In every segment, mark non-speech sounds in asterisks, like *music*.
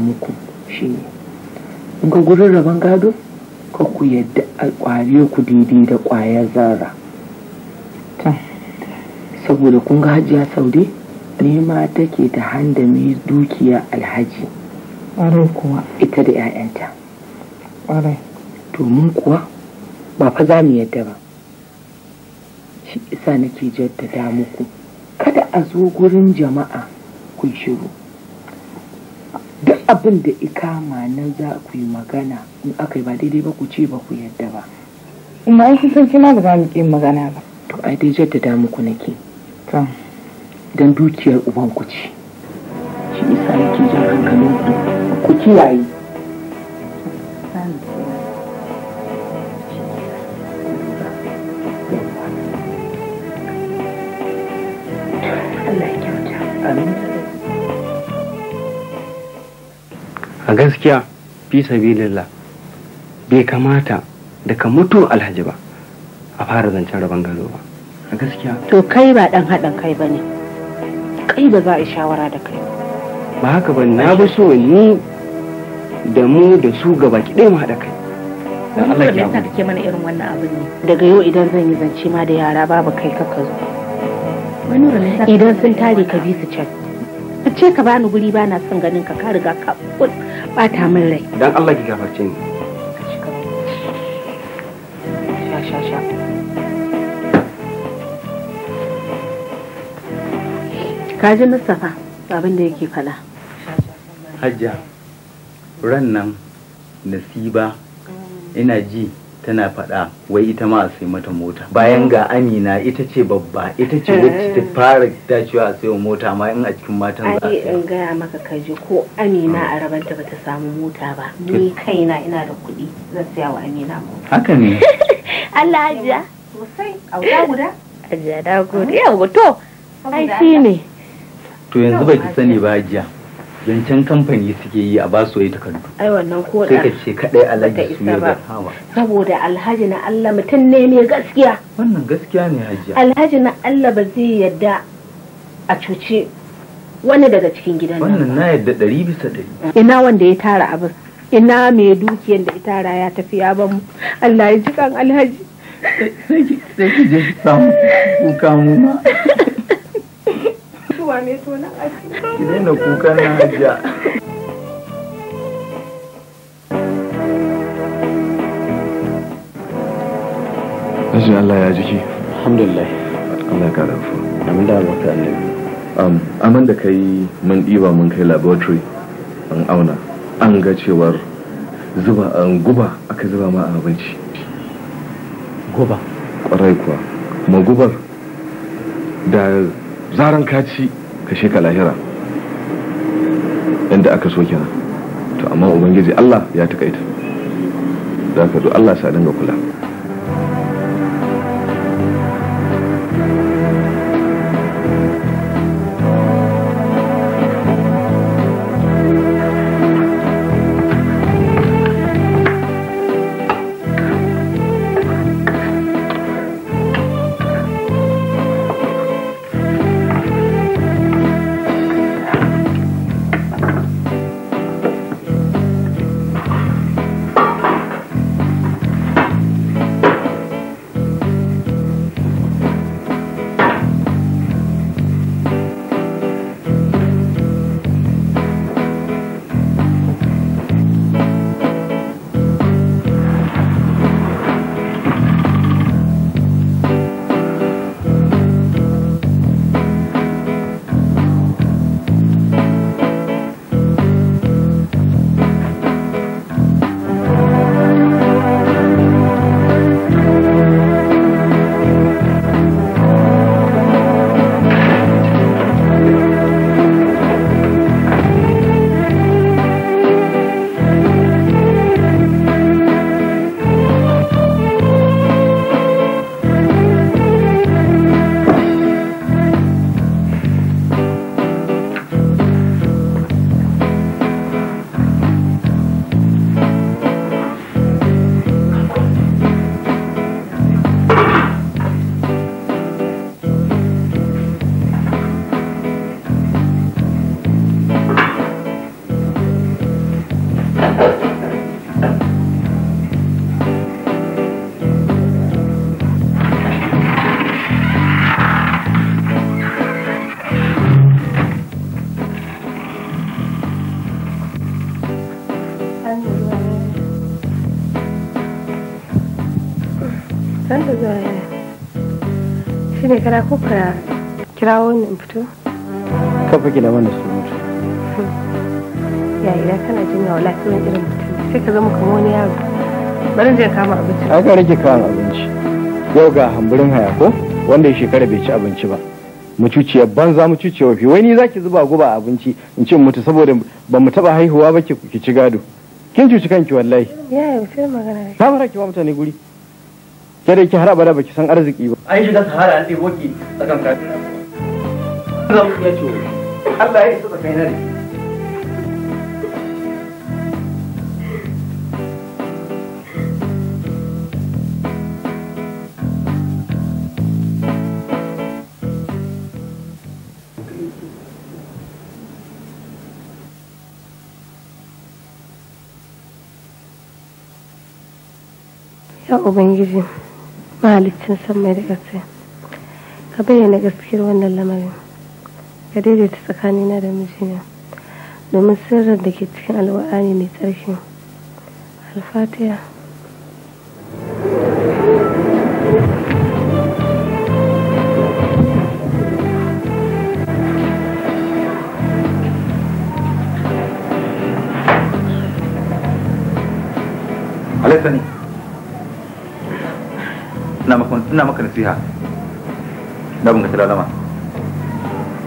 muku shi ne ka gurin rabon gado ka ku yadda a kware ku daidai da kwayar zarra saboda kun ga hajiya saude nema take ta handami dukiya alhaji kuwa ita da 'ya'yanta domin kuwa ba fa za mu yadda ba shi isa nake jaddada muku kada a zo gurin jama'a kun shiru abin da ikama nan za ku yi magana in aka yi ba daidai ba ku ce ba ku yadda ba Ina yi kun san za mu magana ba to ai dai jaddada muku nake to don dukiyar uban ku ce shi isa yake jan hankalin ku ku kiyaye a gaskiya fi sabilillah bai kamata daga mutu alhaji ba a fara zancen rabon gado ba a gaskiya to kai ba dan haɗin kai ba ne kai ba za a yi shawara da kai ba haka ba na bi so ni da mu da su gaba baki ɗaya mu haɗa kai sa mana irin wannan abin ne daga yau idan zan yi zance ma da yara babu kai ka zo idan sun tare ka bi su can a ce ka bani guri na son ganin ka ka riga ka bata min rai dan Allah ki gafarce ni ka ji Mustapha abin da yake fada hajja ran nan nasiba ina ji tana faɗa wai ita ma a sai mata mota bayan ga amina ita ce babba ita ce wacce ta eh. fara dacewa a sai mota ma in a cikin matan za a in gaya maka kaji ko amina a rabanta bata samu mota ba ni kaina ina da kuɗi zan saya wa amina mota haka ne *laughs* Allah hajiya sosai a wuta guda hajiya da gode yawa to ai shine to yanzu baki sani ba hajiya zancen kamfani suke yi a ba su yi takardu ai wannan ko da kai ce kadai alhaji su ne ba saboda alhaji na Allah mutun ne mai gaskiya wannan gaskiya ne hajiya alhaji na Allah ba zai yadda a cuce wani daga cikin gidan wannan na yadda ɗari bisa ɗari ina wanda ya tara abin ina mai dukiyar da ita tara ya tafi ya ban mu Allah ya ji kan alhaji sai ki je ki samu kuka mu ma *laughs* zuwa ne to na Ki daina na hajiya. Allah ya jiki. Alhamdulillah. Allah ya Amin da Allah ka annabi. Um, Amin da kai mun ɗiba mun kai laboratory an auna an ga cewar zuba an um, guba aka zuba ma a abinci. Guba? Ƙwarai kuwa. Magubar da zaran ka ci ka lahira yadda aka so kenan to amma ubangiji Allah ya takaita za ka zo Allah sa dinga kula ƙara zuwa yaya shi ne kada ko ka kira wannan fito kafa gida mana su mutu hmm. yayi kana jin yawa lafiyar irin mutum sai ka zama kamar wani yaro bari zai kama abinci a ga rage kawan abinci yau ga hamburin haya ko wanda ya shekara bai ci abinci ba mucuciyar banza mucuciyar fi wai ni ki zuba guba abinci in ce mutu saboda ba mu taba haihuwa ba ki ci gado kin cuci kanki wallahi ya yau sai magana ta fara kiwa mutane guri ke ki ke har abada baki san arziki ba an shiga sahara an ɗebo ki tsakan ka zan iya ciwo Allah ya isa tsakai na ne Ya Ubangiji. mahalicin san mai da ƙasa ka bayyana gaskiyar wannan lamarin ka daidaita tsakani na da mijina domin sirrin da ke cikin alwa'ani mai tsarki alfatiya fiha na bunga ga lama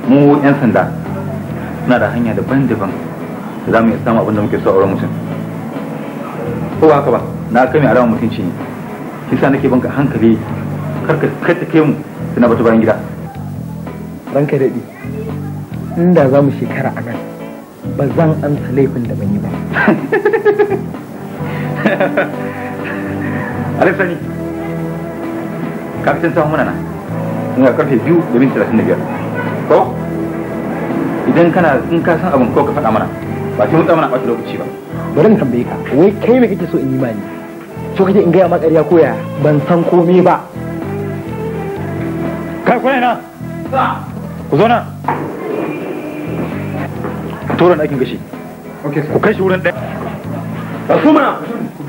mu yan sanda suna da hanya daban-daban da za mu iya samu abin da muke so a wurin mutum ko haka ba na kai mai alama mutunci ne shi sa nake banka hankali kar ka kai mu suna batu bayan gida ranka daɗi inda za mu shekara a nan ba zan an laifin da ban yi ba *laughs* Alexani, kafin samu muna nan ina karfe biyu da minti talatin da biyar ko idan kana in ka san abin ko ka faɗa mana ba sai mutsa mana ɓata lokaci ba bari in tambaye ka wai kai me kake so in yi ma ni so kake in gaya ma ƙarya ko ya ban san komai ba kai kuna na ku zo na. tura aikin gashi ku kai shi wurin ɗaya ba su mana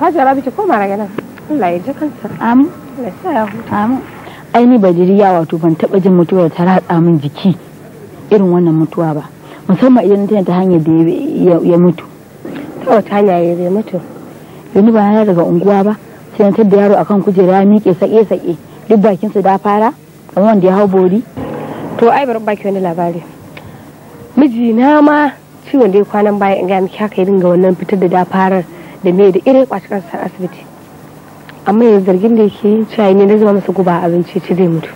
rabi biki koma mara nan Allah ya ji kansa amin Allah ya huta amin ai wato ban taba jin mutuwa ta ratsa min jiki irin wannan mutuwa ba musamman idan tana ta hanyar da ya mutu ta wata hanya ya zai mutu yanzu ba yana daga unguwa ba sai na da yaro akan kujera ya miƙe sake-sake duk bakinsa da fara kamar wanda ya hau bori to ai bari baki wani labari mijina ma ciwon da ya kwanan baya in ga miki haka irin dinga wannan fitar da dafarar da me da irin kwaci sa asibiti amma yanzu zargin da yake yin ne na zama masa guba abinci ci zai mutu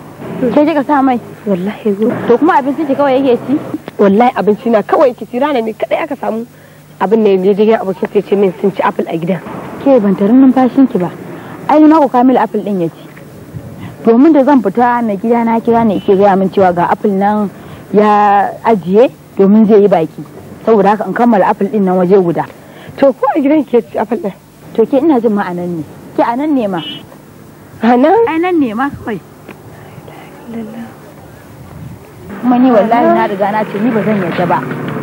ke ka sa mai wallahi go to kuma abinci ce kawai yake ci wallahi abinci na kawai ki ci rana ne kadai aka samu abin ne ya jirgin abokin sai ce min sun ci apple a gidan ke ban tarin numfashin ki ba ai ma ko kamil apple din ya ci domin da zan fita na gida na kira ne ke gaya min cewa ga apple nan ya ajiye domin zai yi baki saboda haka in kammala apple din nan waje guda to ko a gidan ke ci apple to ke ina jin ma'anan anan ne ke anan ne ma anan anan ne ma kawai kuma ni wallahi na riga na ce ni ba zan yarda ba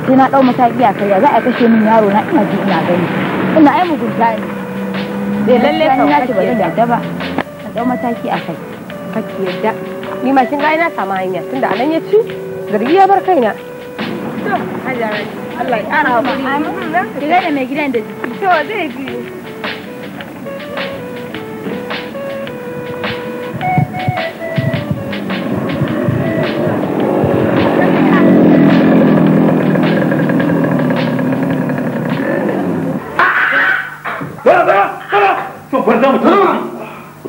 sai na dau mataki a kai za a kashe min yaro na ina ji ina gani ina ai mugunta ne zai eh, lalle ka na ce ba zan yarda ba na dau mataki a kai kake yarda ni ma kin ga ina sama hanya tunda anan ya ci zargi ya bar kaina to hajara Allah mai gidan da jiki.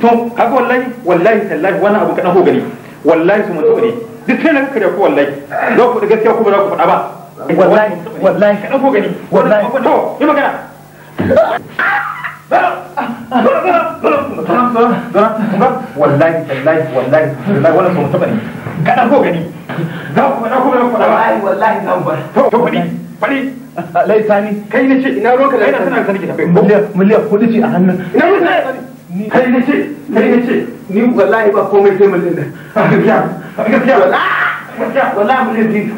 To zai wallahi tallahi abu ko gari wallahi su mutu ne duk kai na kare ku wallahi za ku da gaskiya ku ba za ku faɗa ba wallahi wallahi ka dauko gani wallahi to yi magana wallahi wallahi wallahi wallahi wannan sun taba ka dauko gani za ku dauko gani wallahi to fadi fadi kai ne ce ina ruwanka da ina sani. sanar ki tafi miliyan kudi ce a hannun ina ruwanka ni kai ne ce kai ne ce ni wallahi ba komai sai miliyan ah, da gaskiya gaskiya wallahi wallahi mun ji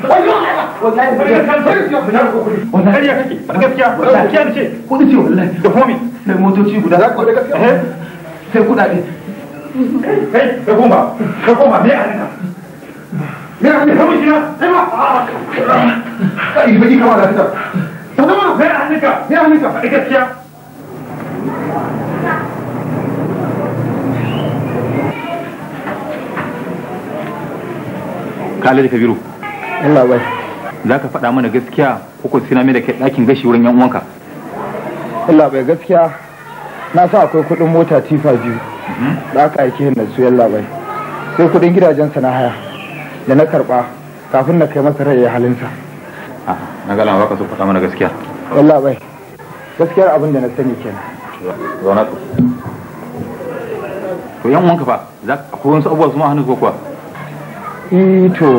wallahi motoci ma kama ka ka Khalid Kabiru. Allah bai. Za ka faɗa mana gaskiya ko ko sina mai da kai ɗakin gashi wurin 'yan uwanka. Allah bai gaskiya na sa akwai kuɗin mota tifa biyu da aka aike da su yalla bai. Sai kuɗin gidajensa na haya da na karɓa kafin na kai masa rai ya halinsa. Na gala ba ka so faɗa mana gaskiya. Allah bai. Gaskiyar abin da na sani kenan. Zauna ku To 'yan uwanka fa za ka akwai wasu abubuwa su ma hannu ko kuwa? ito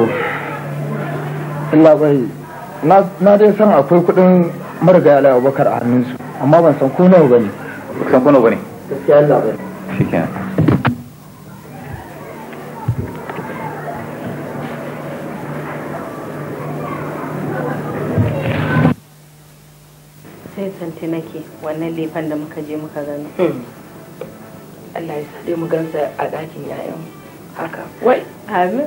e, labai na dai san akwai kudin marigaya ala abubakar a hannunsu amma ban san ko nawa bane san ko nawa bane gaskiya Allah sai santi nake wannan lefan da muka je muka gano hmm. Allah ya sa dai mu gansa a ɗakin 'ya'yan haka wai amin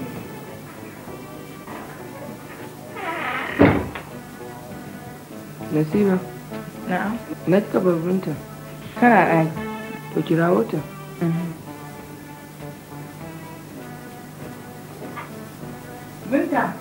Nasiba. Na'am. Na cika Kana ɗaki. To kira wata. Mhm. Binta.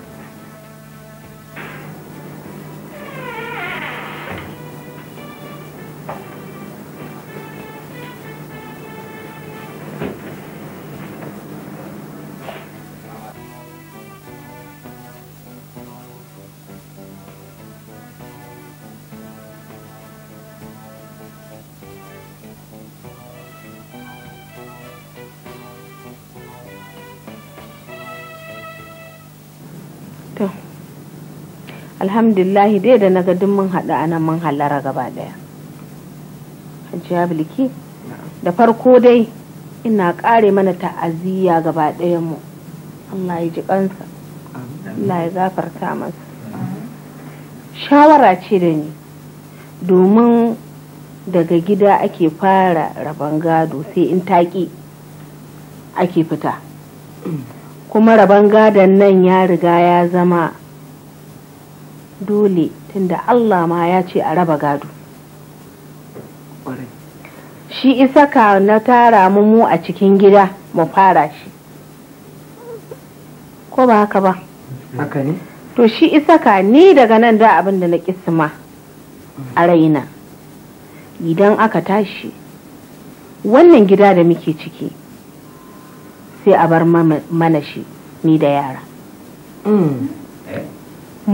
alhamdulillahi dai da na gadin mun haɗu a nan mun hallara gaba ɗaya hajiya da farko dai ina ƙare mana ta'aziyya gaba ɗayan Allah ya ji kansa Allah ya gafarta masa shawara ce da ni domin daga gida ake fara rabon gado sai in taƙi ake fita mm. kuma rabon gadon nan ya riga ya zama dole tunda Allah ma ya ce a raba gado shi isaka na tara mu a cikin gida mu fara shi ko ba haka ba haka ne to shi isaka ka ni daga nan da abin da na kisma a raina idan aka tashi wannan gida da muke ciki sai a bar mana shi ni da yara mm.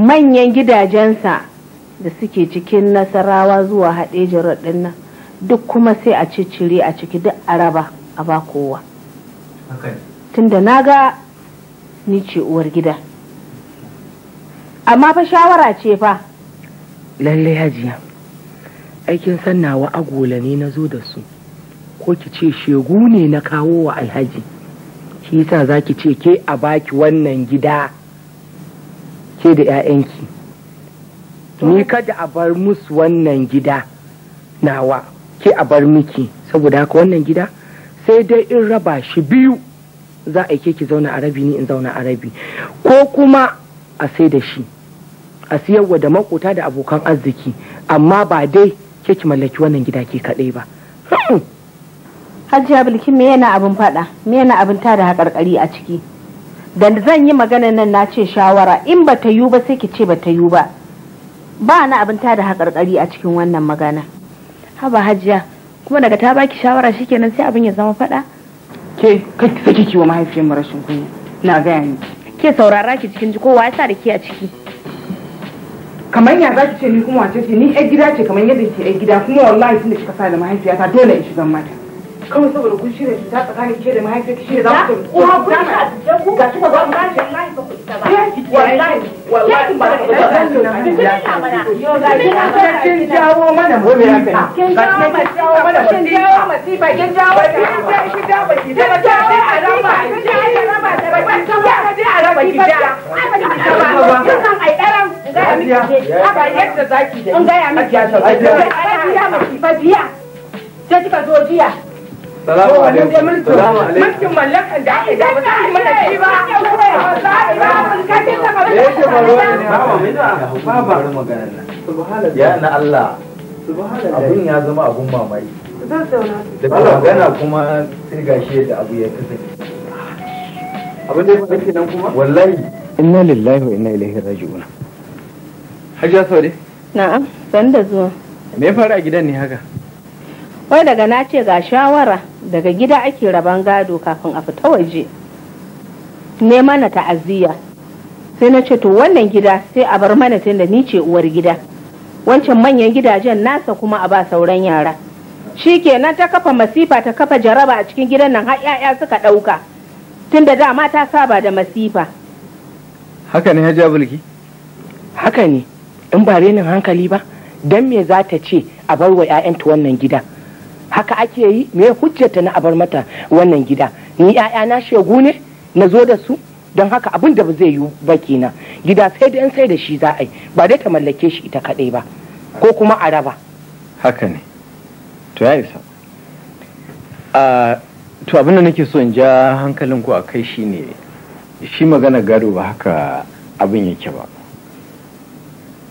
manyan gidajensa da suke cikin nasarawa zuwa haɗe ɗin nan duk kuma sai a ciccire a ciki duk raba a ba kowa tunda na ga ni ce uwar gida amma fa shawara ce fa lalle hajiya aikin sannawa agola ne na zo da su ko ki ce shegu ne na kawo wa alhaji shi yasa za ki ce ke a baki wannan gida ke da 'ya'yanki ni kada a bar musu wannan gida nawa ke a bar miki saboda haka wannan gida sai dai in raba shi biyu za a ke ki zauna arabi ni in zauna Arabi. ko kuma a sai da shi a siyarwa da makota da abokan arziki amma ba dai ke ki mallaki wannan gida ke kaɗai ba hajiya bilkin me yana abin faɗa me yana abin tada haƙarƙari a ciki da zan yi magana nan na ce shawara in ba ta yi ba sai ki ce ba ta yi ba ba na abin ta da haƙarƙari a cikin wannan magana haba hajiya kuma daga ta baki shawara kenan, sai abin ya zama faɗa ke kai sai saki kiwo mahaifiyar mu rashin kunya na gaya ni ke saurara ki cikin ji kowa ya sa da ke a ciki kamar ya zaki ce ni kuma wace ce ni yar gida ce kamar yadda ke yar gida kuma wallahi tun da kika sa da mahaifiyata dole in shigan mata kawai saboda kun shirya cuta tsakanin ke da mahaifiyar shi da za ku tafi ko ku ta ga shi ba ba ba shi wallahi ba ku ta ba wallahi wallahi ba ku ta ba kin jawo mana kin jawo mana mu ne haka kin jawo mana kin jawo mana kin jawo masifa kin jawo kin jawo kin jawo kin jawo a raba kin jawo a raba da ba kin jawo a raba kin jawo a kin san ai daren ga miki haka yadda zaki da in ga ya miki ya masifa jiya sai kika zo jiya salamu alaikum salamu alaikum mulkin mallakan da ake da shi ne ya zama abun da kuma sai shi da abu ya abin da ya kuma wallahi inna lillahi wa inna ilaihi raji'un hajiya saude na'am san da zuwa me ya faru a gidan ne haka wai daga na ce ga shawara daga gida ake rabon gado kafin a fita waje ne mana ta'aziyya sai na ce to wannan gida sai a bar mana tunda ni ce uwar gida wancan manyan gidajen nasa kuma a ba sauran yara shi kenan ta kafa masifa ta kafa jaraba a cikin gidan nan har 'ya'ya suka ɗauka tunda dama ta saba da masifa haka ne hajiya bulki haka ne in ba renin hankali ba don me za ta ce a bar wa 'ya'yanta wannan gida haka ake yi me hujjata na abar mata wannan gida ni na shegu ne na zo da su don haka abin da ba zai yi ba kenan gida sai da sai da shi za a yi ba dai ta mallake shi ita kaɗai ba ko kuma a raba haka ne to ya isa a to abin da nake so in ja hankalin ku a kai shi ne shi magana gado ba haka abin yake ba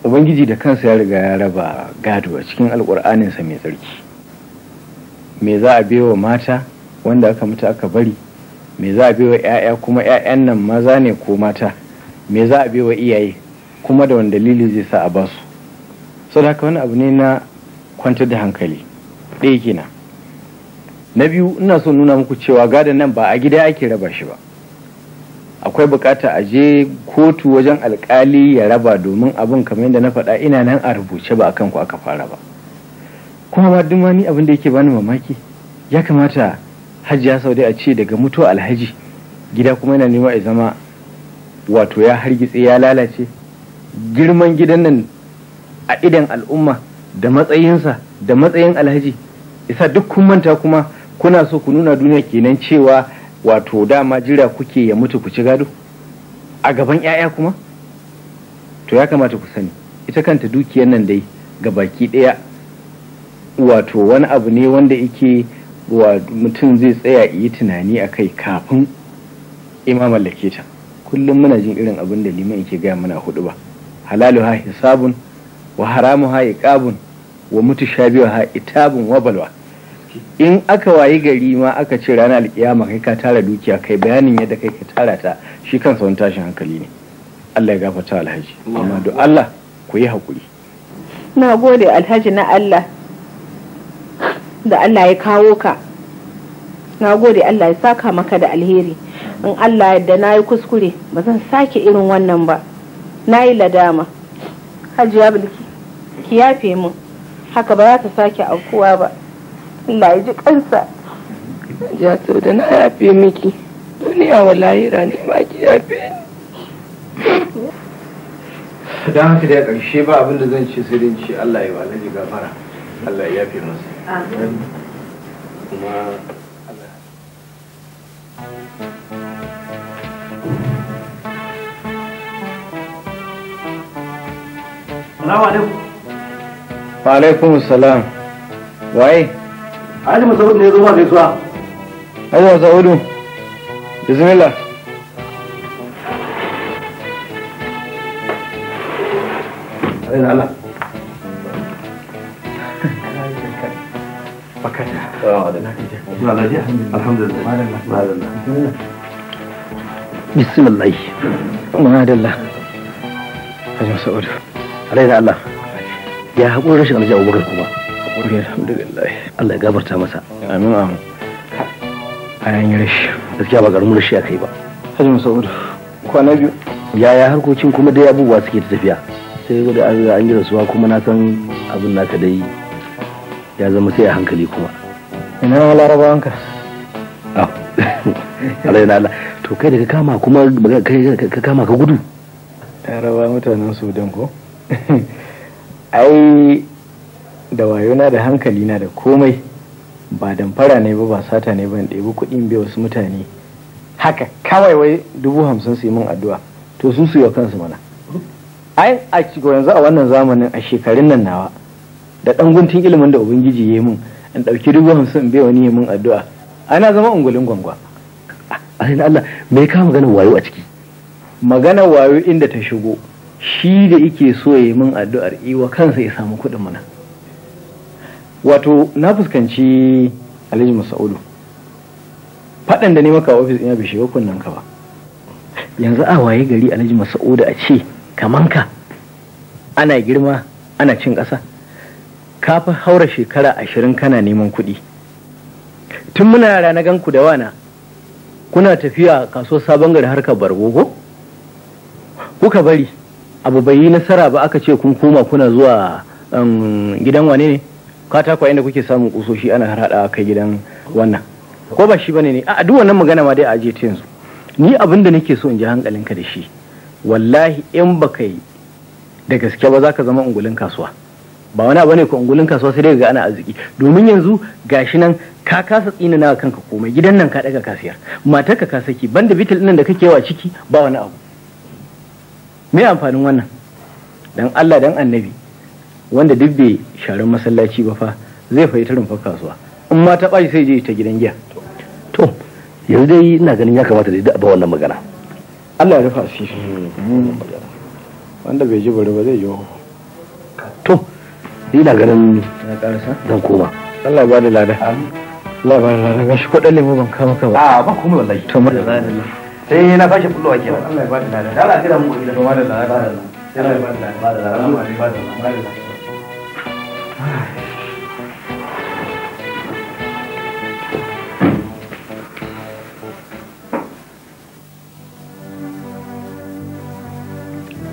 ubangiji da kansa ya riga ya raba gado a cikin alkur'aninsa mai tsarki me za a wa mata wanda aka mutu aka bari me za a wa 'ya'ya kuma 'ya'yan nan maza ne ko mata me za a wa iyaye kuma da wani dalili zai sa a basu sau da haka wani abu ne na kwantar da hankali ɗaya kenan na biyu ina so nuna muku cewa gada nan ba a gida ake raba shi ba akwai bukata a je kotu wajen alkali ya raba domin abin kamar yadda na faɗa ina nan a rubuce ba akan ku aka fara ba kuma ba duk wani abin da yake bani mamaki ya kamata hajji ya saudi a ce daga mutuwa alhaji gida kuma yana nema ya zama wato ya hargitse ya lalace girman gidan nan a idan al'umma da matsayinsa da matsayin alhaji isa duk kun manta kuma kuna so ku nuna duniya kenan cewa wato dama jira kuke ya mutu ku ci gado a gaban 'ya'ya kuma to ya kamata ku sani ita kanta dukiyar nan dai ga baki ɗaya wato wani abu ne wanda yake wa mutum zai tsaya yi tunani a kai kafin imam mallake ta kullum muna jin irin abin da liman yake gaya mana hudu ba halalu ha hisabun wa haramu ha iqabun wa mutu biyu ha itabun wa balwa in aka wayi gari ma aka ce ranar alkiyama kai ka tara dukiya kai bayanin yadda kai ka tara ta shi kansa wani tashin hankali ne Allah ya gafarta alhaji amma do Allah ku yi hakuri na gode alhaji na Allah da Allah ya kawo ka na gode Allah ya saka maka da alheri in Allah yadda na yi kuskure ba zan sake irin wannan ba na yi ladama hajiya bilki ki yafe min haka ba za ta sake aukuwa ba Allah ya ji kansa ya so da na yafe miki duniya wa lahira ne ma ki yafe don haka da ƙarshe ba abin da zan ce sai dai ce Allah ya wa gafara Allah ya yafe masa السلام عليكم وعليكم السلام واي علي مسعود ne ايوه gaisuwa بسم الله bismillah Allah bakata bismillah madalla hajjin sa'udu alai da Allah ya haƙuri rashin aljihu abubakar kuma alhamdulillah Allah ya gabarta masa amin amin bayan yi rashi gaskiya ba garin rashi a kai ba hajjin sa'udu kwana biyu yaya harkokin kuma dai abubuwa suke tafiya sai da an yi rasuwa kuma na san abin naka dai ya zama sai a hankali kuma ina larabawanka ah, *laughs* Allah Allah to kai da ka kama kuma ka kama ka gudu laraba mutanen sudan ko *laughs* ai da wayona da hankali na da komai ba damfara ne ba ba sata ne ban ɗebi kuɗin bai wasu mutane haka kawai wai dubu hamsin su yi min addu'a to su su yau kansu mana ai a yanzu a wannan zamanin a shekarun nan nawa da ɗan guntun ilimin da ubangiji ya yi mun in ɗauki dubu hamsin in bai wani ya min addu'a ana zama ungulin gwangwa ainihin Allah me ka maganar wayo a ciki magana wayo inda ta shigo shi da yake so ya yi mun addu'ar iwa kansa ya samu kuɗin mana wato na fuskanci alhaji masaudu faɗan da ne maka ofis ina bai shiga ka ba yanzu a waye gari alhaji masaudu a ce kaman ka ana girma ana cin ƙasa ka fi haura shekara ashirin kana neman kuɗi tun muna yara na ku da wana kuna tafiya kasuwar sabon gari harkar bargogo kuka bari abu bai yi nasara ba aka ce kun koma kuna zuwa um, gidan wane ne Katako inda kuke samun kusoshi ana har hada kai gidan wannan ko ba shi bane ne a duk wannan magana ma dai a ajiye ta yanzu ni abin da nake so in ji hankalinka da shi wallahi in baka yi da gaske ba za ka zama ungulin kasuwa ba wani abu ne ko ungulin kasuwa sai dai ga ana arziki domin yanzu gashi nan ka kasa tsina na kanka komai gidan nan ka daga kasiyar matar ka saki banda bitil din da kake wa ciki ba wani abu me amfanin wannan dan Allah dan annabi wanda duk bai sharan masallaci ba fa zai fahimta fa kasuwa in ma ta bashi sai je ta gidan giya to yanzu dai ina ganin ya kamata da ba wannan magana Allah ya rufa shi hmm, hmm. wanda bai ji bari ba zai yi to ina ganin dan koma Allah ba da lada Allah ba da lada shi ban kama ka ba a ba komai wallahi to ma na kashe Allah ba da lada da lada ba da lada ba da lada ba da ba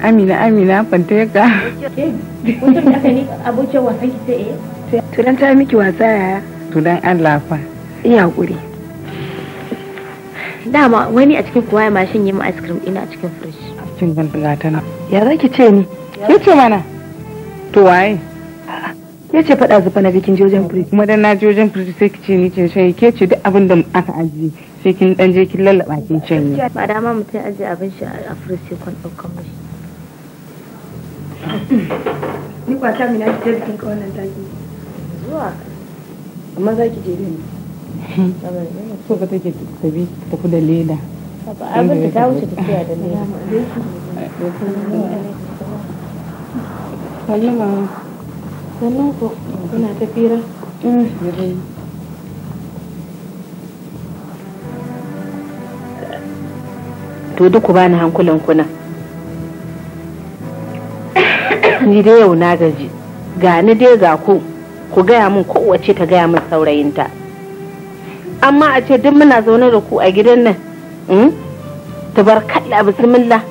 Amina, Amina, Okay. mutum da aka yi abokin wasan ki ce eh to dan ta miki wasa yaya to dan Allah fa iya hakuri dama wani a cikin kuwa ya mashin yi mu ice cream ina a cikin fridge kin gan daga tana ya zaki ce ni yace mana to waye ya ce faɗa zufa na bikin jojen firiji kuma dan na jojen firiji sai ki ce ni kin shayi ke ce duk abin da aka ajiye sai kin dan je kin lallaba kin shanye ba dama mutum ajiye abin shi a firiji sai kun ɗaukan mashi Ni kwata mina ki bikin ka taki. Zuwa Amma za ki je *laughs* da ni. So ka take leda. abin da ta wuce tafiya da leda. Sannan kuna tafira. Mm. To duku bani hankulan kuna. ni dai yau na gaji ga ni dai ga ku ku gaya min kowace ta gaya min saurayinta amma a ce duk muna zaune da ku a gidan nan hmm? kalla bismillah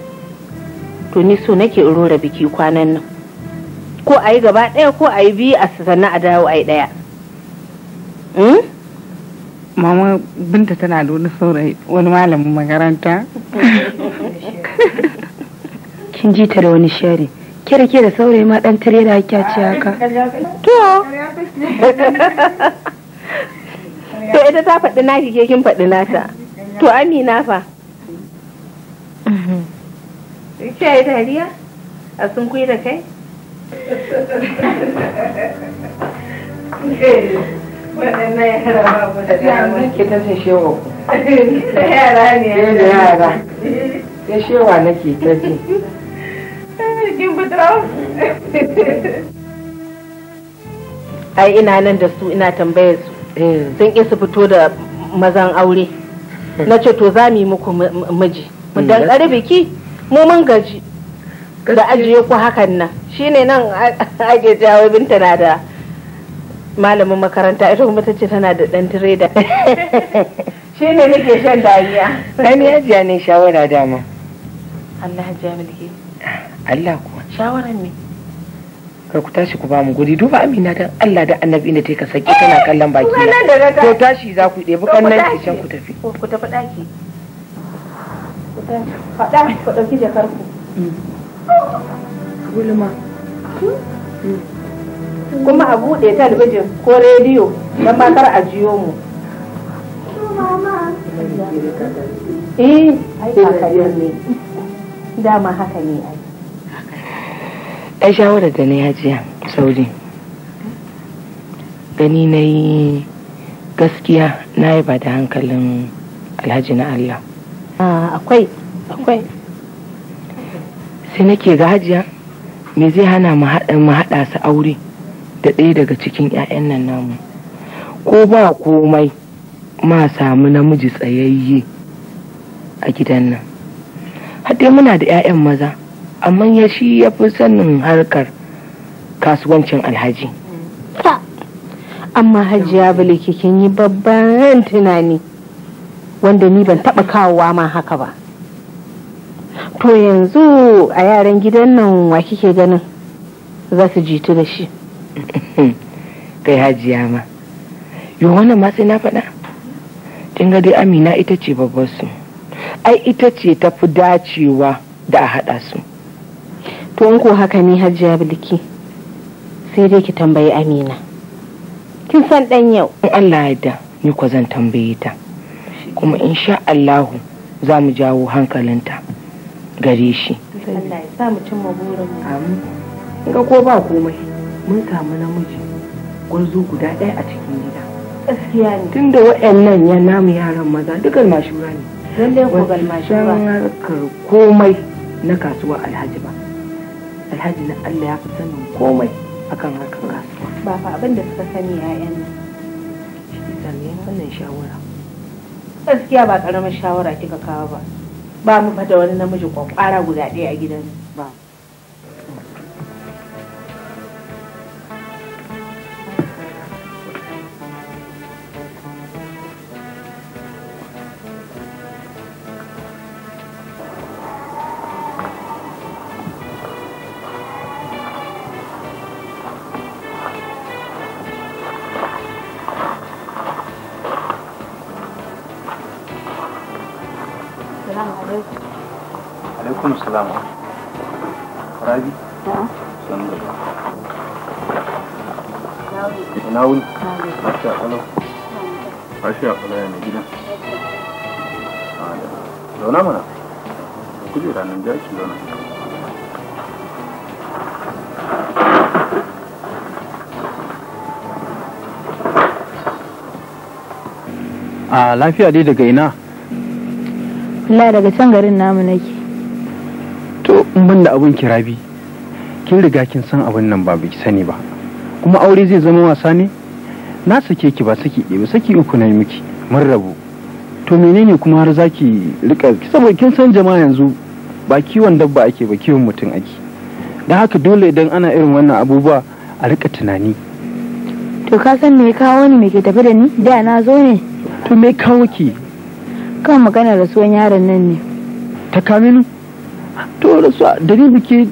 to ni so nake rora biki kwanan nan ko a yi gaba ɗaya ko a yi biyu a sannan a dawo a yi ɗaya hmm? mama binta tana da wani saurayi wani malamin makaranta *laughs* kin ji ta da wani shari kira ke da saurayi ma dan tare da hakki ce haka to to ita ta faɗi naki ke kin faɗi nata to amina fa ce ai dariya a sun kuyi da kai waɗannan yara ba mu da yara ke ta ce shewa yara ne yara ta shewa nake ta ce cikin ai ina nan da su ina tambayar su eh. sun ƙi su fito da mazan aure eh. na ce to za mu yi muku miji mu mm, dan ƙari biki mu mun gaji da ajiye ku hakan nan ne nan *laughs* ake jawo binta na da malamin makaranta ita kuma ta ce tana da ɗan tireda *laughs* ne nake shan dariya ɗan yajiya ne shawara dama Allah ya mulki Allah kuwa shawaran ne kar ku tashi ku ba mu gudi duba amina dan Allah da annabi ne take sake tana kallon baki to tashi za ku ɗebi kannan ki can ku tafi ku tafi daki faɗa ku ɗauki jakar ku mm. gulma hmm? kuma a buɗe talabijin ko rediyo don matar a jiyo mu eh haka ne dama haka ne ai ai shawarar da na yi hajiya saudi gani na yi gaskiya na yi ba da hankalin alhaji na allah akwai akwai sai nake ga hajiya me zai hana mu haɗa su aure da ɗaya daga cikin 'ya'yan nan namu ko ba komai ma samu namiji tsayayye a gidan nan haɗe muna da 'ya'yan maza amma ya shi ya fi sanin harkar kasuwancin alhaji amma hajiya bali kin yi babban tunani wanda ni ban taba kawowa ma haka ba to yanzu a yaran gidan nan wa kike ganin za su jitu da shi *laughs* kai hajiya ma yau wannan ma sai na faɗa kin ga dai amina ita ce babbar su ai ita ce ta fi dacewa da a haɗa su to in ko haka ne hajiya bilki sai dai ki tambayi amina kin san dan yau in allah yadda ni ko zan tambaye ta kuma insha allahu za mu jawo hankalinta gare shi Allah ga ko ba komai mun samu namiji gwarzo guda ɗaya a cikin gida gaskiya ne tunda waɗannan ya namu yaran maza duk almashura ne lallai ko galmashura komai na kasuwa alhaji ba alhaji na Allah ya fi sanin komai akan harkar kasuwa ba fa abin da suka sani yayan shi ta ne wannan shawara gaskiya ba karamar shawara kika kawo ba ba mu fata wani namiji kwakwara guda ɗaya a gidansu lafiya dai daga ina Allah daga can garin namu nake to in ban da abin kirabi kin riga kin san abin nan ba biki sani ba kuma aure zai zama wasa ne na sake ki ba saki ɗaya saki uku na miki mun rabu to menene kuma har zaki rika saboda kin san jama'a yanzu ba kiwon dabba ake ba kiwon mutum ake dan haka dole idan ana irin wannan abubuwa a rika tunani to ka san me kawo ni me ke tafi da ni da na zo ne to me kawo ki kan magana rasuwan yaron nan ne ta kaminu to rasuwa da ni biki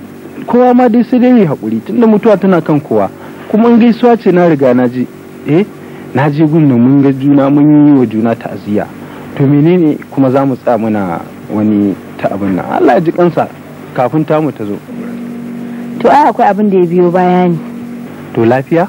kowa ma dai sai dai mai haƙuri tunda mutuwa tana kan kowa kuma in gaisuwa ce na riga na ji eh na je gun mun ga juna mun yi wa juna ta'aziyya to menene kuma za mu tsaya mana wani ta abin nan Allah ya ji kansa kafin tamu ta zo to ai akwai abin da ya biyo bayani to lafiya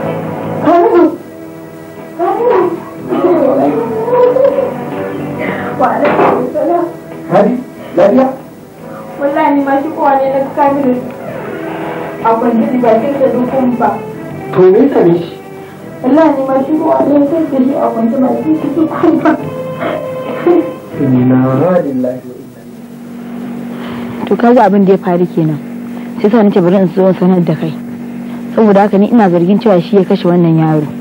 Hari, lafiya? Wallahi ma shi kowa ne na kamilu a kwanci bakin da dukun ba. To me ka ne shi? Wallahi ma shi kowa ne na kamilu a kwanci bakin da dukun ba. Inna na wa inna To kaga abin da ya faru kenan. Sai sa nake bari in zo sanar da kai. Saboda haka ni ina zargin cewa shi ya kashe wannan yaro.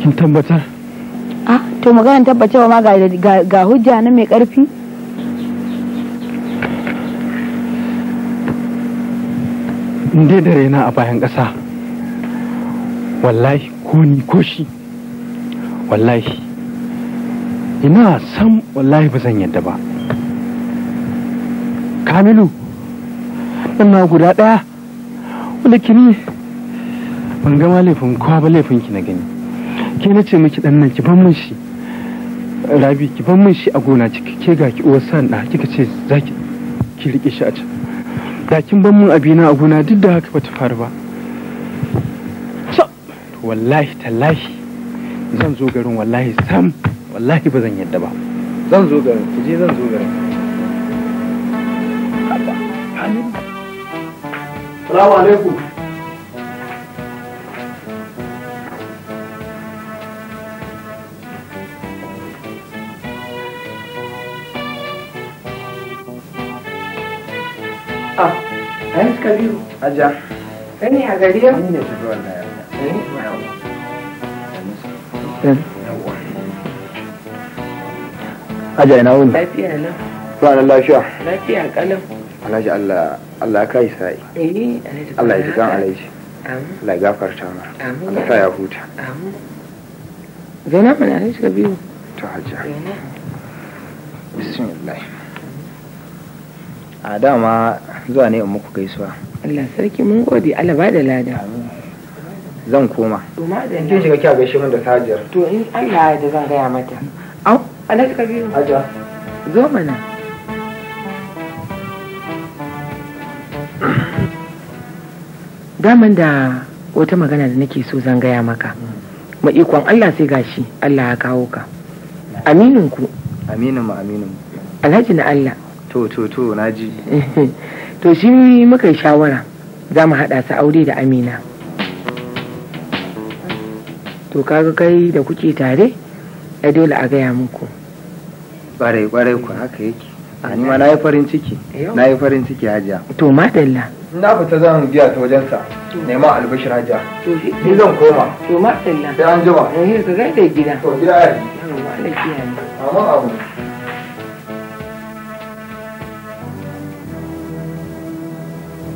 kin tabbatar ah to maganar tabbacewa ma ga hujja na mai karfi dai da na a bayan ƙasa wallahi ko ni ko shi wallahi ina san wallahi ba zan yadda ba kamilu ina guda ɗaya wanda kini ban gama laifin kowa ba laifin ki na gani ke na ce miki dan nan ki ban min shi rabi ki ban min shi a gona ciki ke ga ki uwar san da kika ce za ki rike shi a can da kin ban min abina a gona duk da haka ba ta faru ba wallahi tallahi zan zo garin wallahi sam wallahi ba zan yadda ba zan zo garin ki je zan zo garin Salamu alaikum. ai kabiru aja kai ne ina wuni lafiya nan ba nan lafiya lafiya kalam alhaji Allah Allah kai sai eh Allah ya jikan alhaji ta ya huta amin zainab na alhaji kabiru a dama zuwa ne in muku gaisuwa Allah sarki mun gode Allah ba da lada zan koma to ma da kin shiga kya gaishe min da sajiyar to in Allah ya da zan gaya mata au Allah ka biyo aja zo mana daman da wata magana da nake so zan gaya maka ma ikon Allah sai gashi Allah ya kawo ka aminin ku aminin mu aminin mu alhaji na Allah to to to na ji eh, to shi muka yi shawara za mu haɗa su aure da amina to kaga kai da kuke tare a dole a gaya muku ƙwarai ƙwarai ku haka yake ni ma na yi farin ciki na yi farin ciki hajiya to ma dalla na fita zan biya ta wajensa nema albashir hajiya ni zan koma to ma dalla sai an jima eh ka gaida gida to gida ai amma abu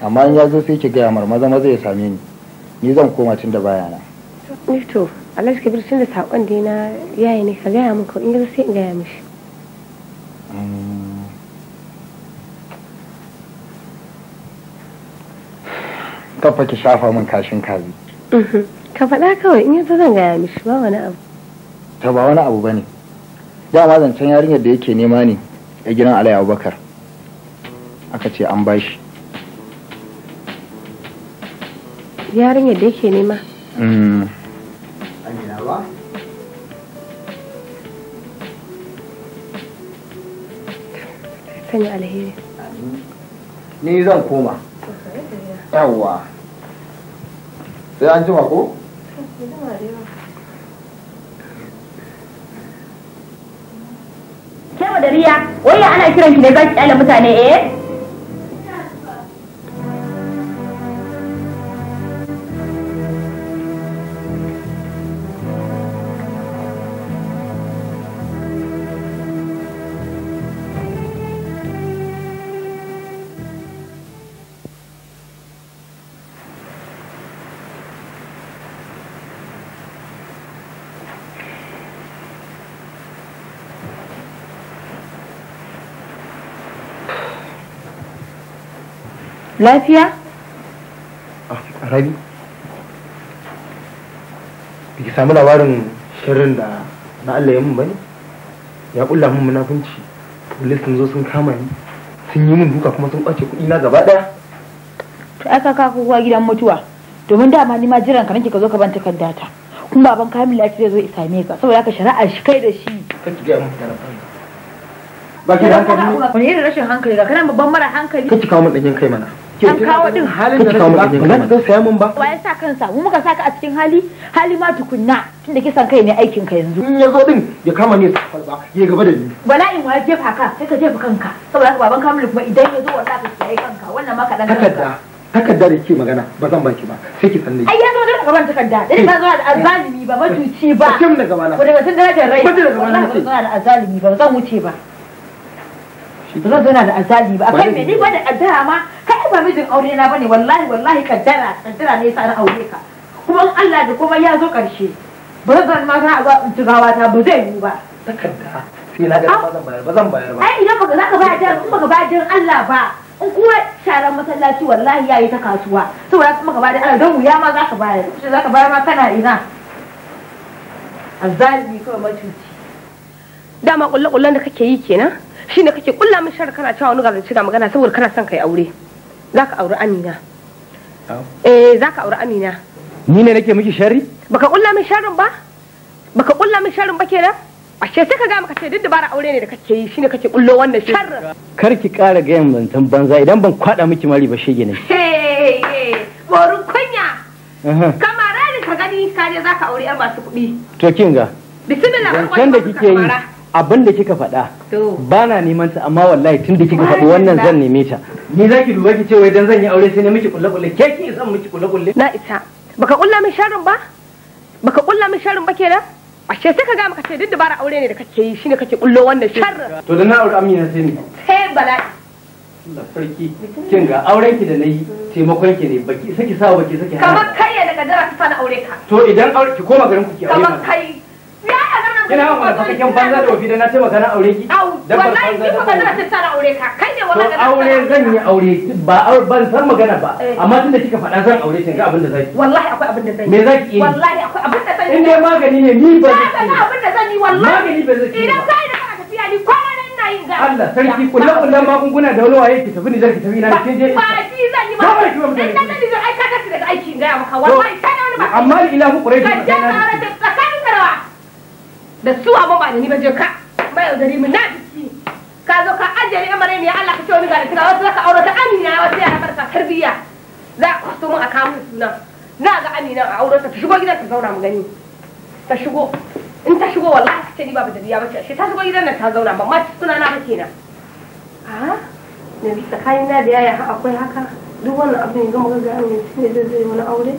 amma in ya zo sai ki gaya mar maza zai ya same ni ni zan koma tun da baya na ni eh, to Alhaji Kabir tun da sakon da na yaya ne ka gaya muku in sai in gaya mishi mm. kafa ki shafa min kashin kazi mhm. ka faɗa kawai in yanzu zan gaya mishi ba wani abu ta ba wani abu bane dama zancen yarinyar da yake nema ne a gidan alayyahu Abubakar aka ce an bashi yarinyar da yake nema mm. sanya alheri ni zan koma yawwa sai an jima ko ke madariya wai ana kiran ki ne za ki mutane eh lafiya ah, rabi biki samu labarin shirin da na Allah ya mun bane ya kulla mun munafunci police sun zo sun kama ni sun yi min duka kuma sun kwace kuɗi na gaba daya to aka ka kowa gidan mutuwa domin dama ni ma jiran ka nake ka zo ka ban takarda ta kuma baban Kamil ya zai zo isa me ka saboda ka shari'a shi kai da shi ki ga mun tara ba ki da hankali wani ne rashin hankali ga kana babban mara hankali ci kawo mun danyen kai mana an kawo din halin da rashin ba ba ka saya mun ba wai sa kansa mu muka saka a cikin hali hali ma tukunna tunda kisan kai ne aikin ka yanzu in yazo din ya kama ne falba ya gaba da ni bala'in wa jefa ka sai ka jefa kanka saboda haka baban Kamilu kuma idan yazo wa ka kiyaye kanka wannan ma ka dan takarda takarda da ke magana ba zan baki ba sai ki sanne ai ya zo daga gaban takarda dai ka zo da azalimi ba matuci ba kim daga bana ko daga tun da rai ko daga bana ba ba zan wuce ba ba zan zauna da azali ba akan me ni ba da kaddara ma kai ba mijin aure na bane wallahi wallahi kaddara kaddara ne yasa na aure ka kuma in Allah da kuma ya zo karshe ba zan zan ma ga ba tugawa ta ba zai yi ba takarda sai na ga ba zan bayar ba zan bayar ba ai idan baka zaka ba da kuma ka bayar da Allah ba in kuma sharan masallaci wallahi yayi ta kasuwa saboda kuma ka ba da Allah don wuya ma zaka bayar sai zaka bayar ma kana ina azali kuma macuci dama kullakullan da kake yi kenan shine kake kulla min shar kana cewa wani gazanci ga magana saboda kana son kai aure zaka aure amina eh zaka aure amina ni ne nake miki sharri baka kulla min sharrin ba baka kulla min sharrin ba kenan ashe sai ka ga maka ce duk dabara aure ne da kake yi shine kake kullo wannan sharrin kar ki kara ga yan zantan banza idan ban kwada miki mari ba shege ne borun kunya kamara ne ka gani kare za zaka aure 'yar masu kuɗi to kinga bismillah zancen da kike yi abin da kika faɗa ba na neman ta amma wallahi tun da kika faɗi wannan zan neme ta ni za ki duba ki ce wai dan zan yi aure sai na miki kulle kulle ke ki zan miki kulle kulle na isa baka kulla min sharrin ba baka kulla min sharrin ba kenan ashe sai ka ga maka ce duk dabara aure ne da kake yi shine kake kullo wannan sharrin to da na aure amina sai ni sai bala'i Allah sarki kin ga auren ki da yi taimakon ki ne baki saki sa baki saki kamar kai ne daga dara ta fara aure ka to idan aure ki koma garin ku ki aure kamar kai Kina yawan wani fakakken banza da wafi da na ce na aure ki? Au, wallahi ki fa magana ta tsara aure ka. Kai ne wannan magana. aure zan yi aure ba ban san magana ba. Eh. Amma tunda kika faɗa zan aure kin ga abin da zaki. Wallahi akwai abin da zan Me zaki yi? Wallahi akwai abin da zan In dai magani ne ni ba zan yi. abin da zan yi wallahi. Magani ba zan yi. Idan kai da kana tafiya ni kowa nan na yin ga. Allah sarki kullum kullum magunguna da walawa yake tafi ni zan tafi na kin je. Ba zan yi ba. ka zan zan ka daga ga maka wallahi kana wani ba. Amma ilahu quraish. tsakanin da su abu ba da ni ba je ka ba yau dari mun na jiki ka zo ka ajiye ni amare ne Allah ka ce wani ga ka wasu zaka aure ta amina wasu yara barka tarbiyya za ku kwasto mun a kawo mun suna na ga amina a aure ta shigo gidan ta zauna mu gani ta shigo in ta shigo wallahi ka ce ni ba da riya bace ashe ta shigo gidan nan ta zauna ba ma suna na ba kenan a ne bi tsakanin na da yaya akwai haka duk wannan abin ga mu ga ne zai zai wani aure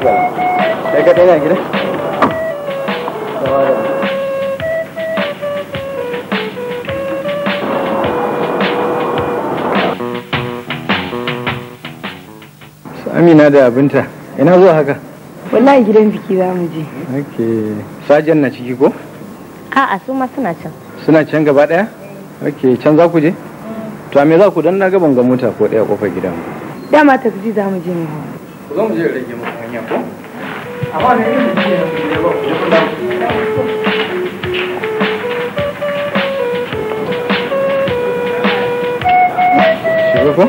kai kaɗai na gida amina da abinta ina zuwa haka wallahi gidan biki za mu je okay sajan na ciki ko a'a su ma suna can suna can gaba daya ok can za ku je to me za ku dan na gaban ga mota ko daya kofar gidan dama ji za mu je mu ku zo mu je rage muku hanya ko amma ne yin da ke da ba ku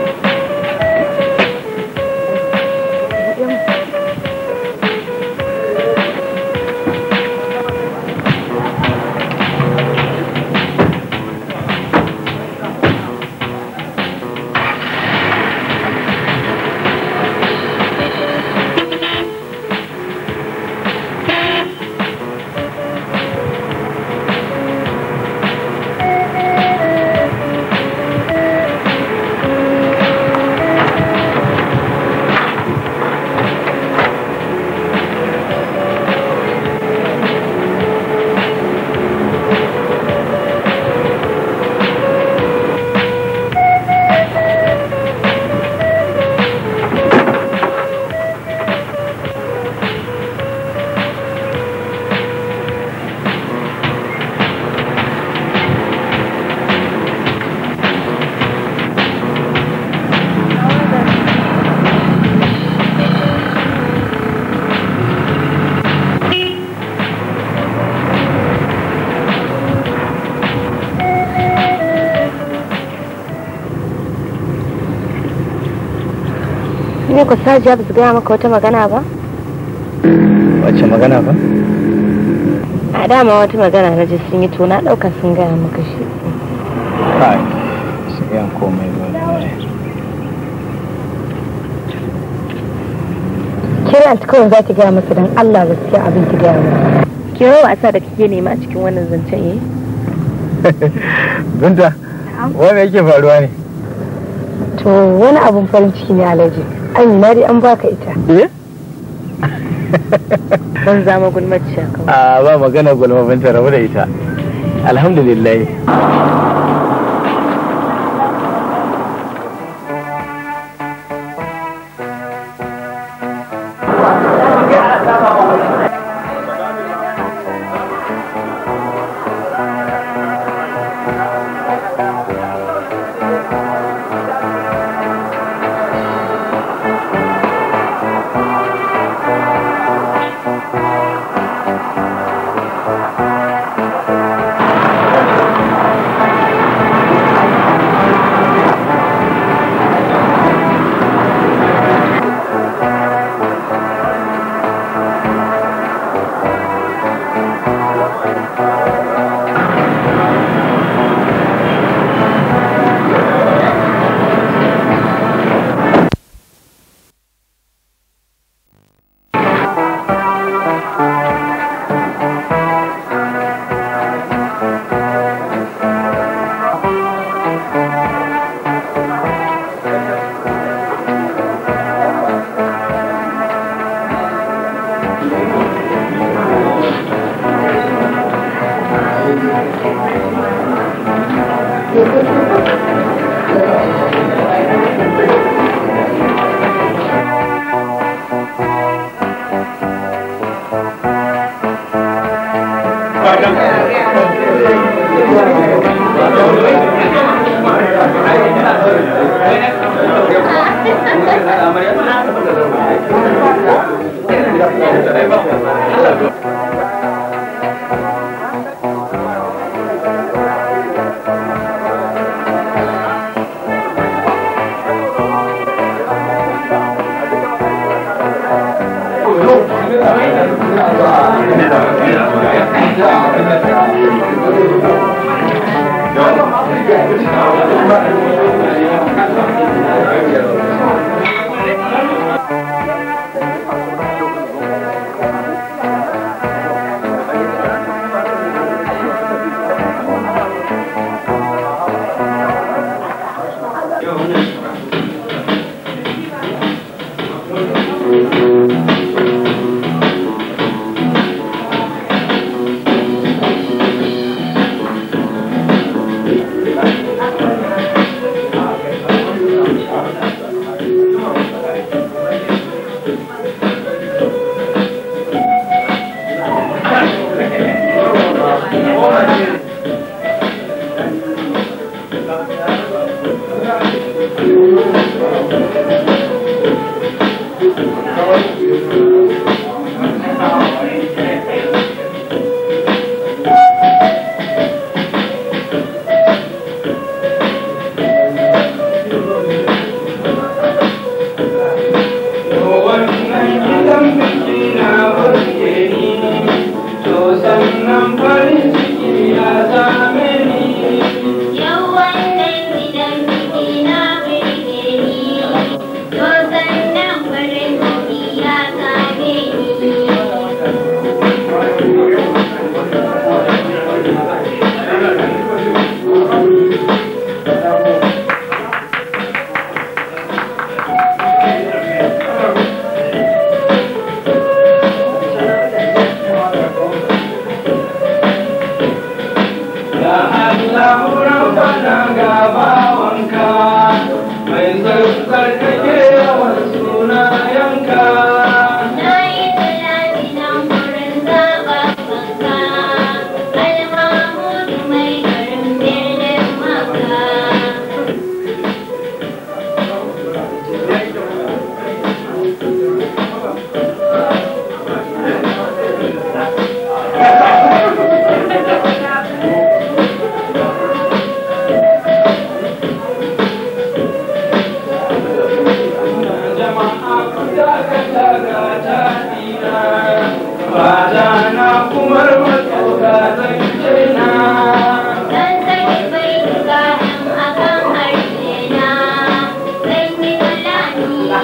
ne ku sajiya ba su gaya maka wata magana ba? Wace magana ba? A dama wata magana na ji sun yi to na ɗauka sun gaya maka shi. Kai, su gaya komai ba dole. Kiran kawai za ta gaya masa don Allah gaskiya abin ki gaya masa. Ki yi wasa da kike nema a cikin wannan zancen yi? Eh? *laughs* Binta, wani yake faruwa ne? To wani abun farin ciki ne alaji. an na dai an baka ita eh ban *laughs* zama gulmaciya kawai ah, a ba magana gulma ban rabu da ita alhamdulillah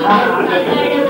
Thank *laughs* you.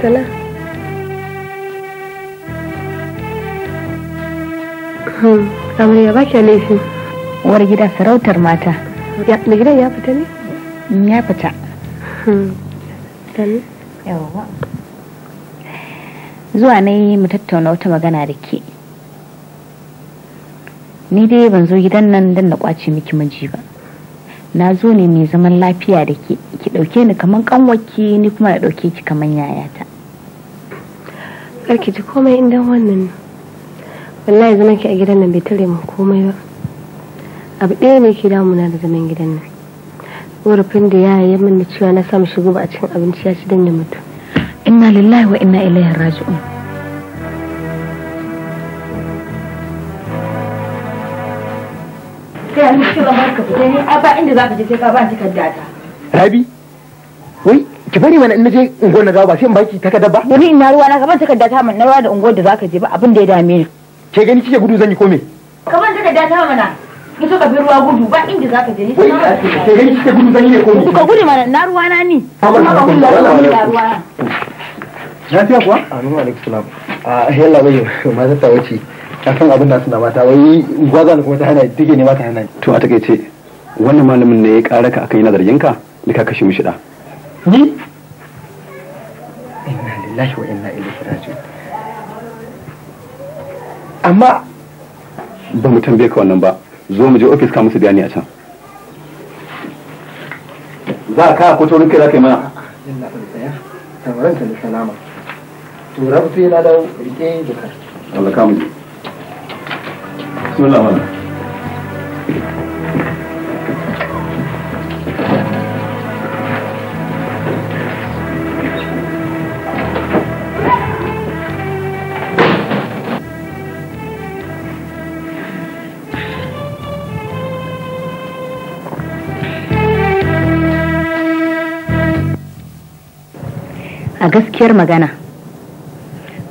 Murtala. Hmm, ne? Mm, hmm, Zuwa na yi mu tattauna wata magana da ke. Ni dai ban zo gidan nan don na kwace miki maji ba. na zo ne mai zaman lafiya da ke ki ɗauke ni kaman kanwaki ni kuma na ɗauke ki kaman yayata karki ji komai inda wannan wallahi zaman ki a gidan nan bai tare mu komai ba abu ɗaya ne ke damuna da zaman gidan nan korafin da ya yi min da cewa na samu shigo ba a cikin abinci ya ci dan ya mutu inna lillahi wa inna ilaihi raji'un kai an shi ba haka fita a ba inda za ka je sai ka ba ta ta rabi ki bari mana in je unguwar na dawo ba sai in baki takarda ba domin ina ruwa na gaban takarda ta mana ruwa da unguwar da zaka je ba abin da ya dame ni ke gani kike gudu zan yi kome kaman takarda ta mana so ka bi ruwa gudu ba inda zaka je ni ke gani kike gudu zan yi kome ka gudu mana na ruwa na ni kuma ka gudu da ruwa lafiya kuwa amin alaikum salam a ah, yalla bai mata ta wuce ta san abin da suna mata wai gwaza kuma ta hana dige ne ma ta hana to a ce wannan malamin ne ya karaka akan yana zargin ka da ka kashe mishi da ni inna lillahi wa inna ilaihi raji'un amma ba mu tambaye ka wannan ba zo mu je ofis ka musu bayani a can za ka ko taurin kai za ka yi mana tamarin ka da salama to rabu yana da rike jikar Allah ka mu je bismillah a gaskiyar magana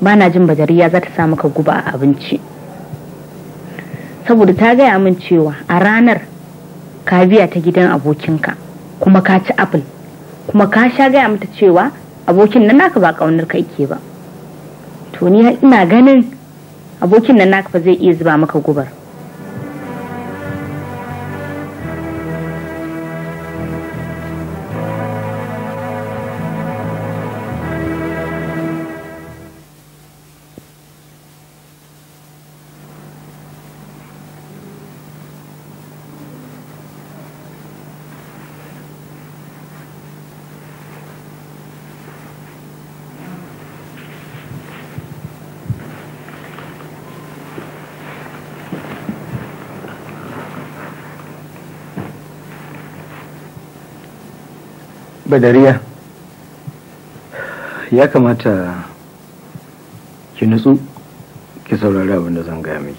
ba na jin bajariya za ta samu ka guba a abinci saboda ta gaya min cewa a ranar ka biya ta gidan abokinka kuma ka ci apple kuma ka sha gaya mata cewa abokin nan naka ba kaunar ka yake ba to ni ina ganin abokin nan naka ba zai iya zuba maka gubar badariya ya kamata ki nutsu ki saurari abin da zan gaya miki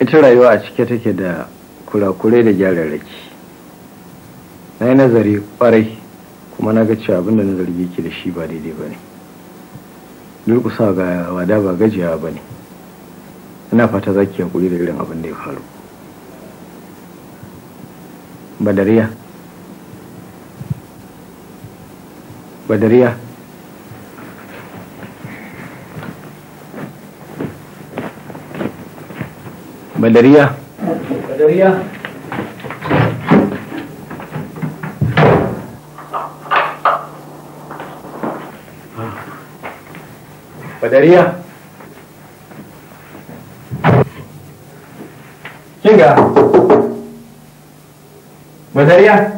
ita rayuwa a cike take da kurakurai da gyararraki na yi nazari kwarai kuma na ga cewa abin da na zargi ki da shi ba daidai ba ne durkusa ga wada ba gajiya ba ne ina fata za ki da irin abin da ya faru badariya Badriah. Badriah. Badriah. Badriah. Sehingga Badriah.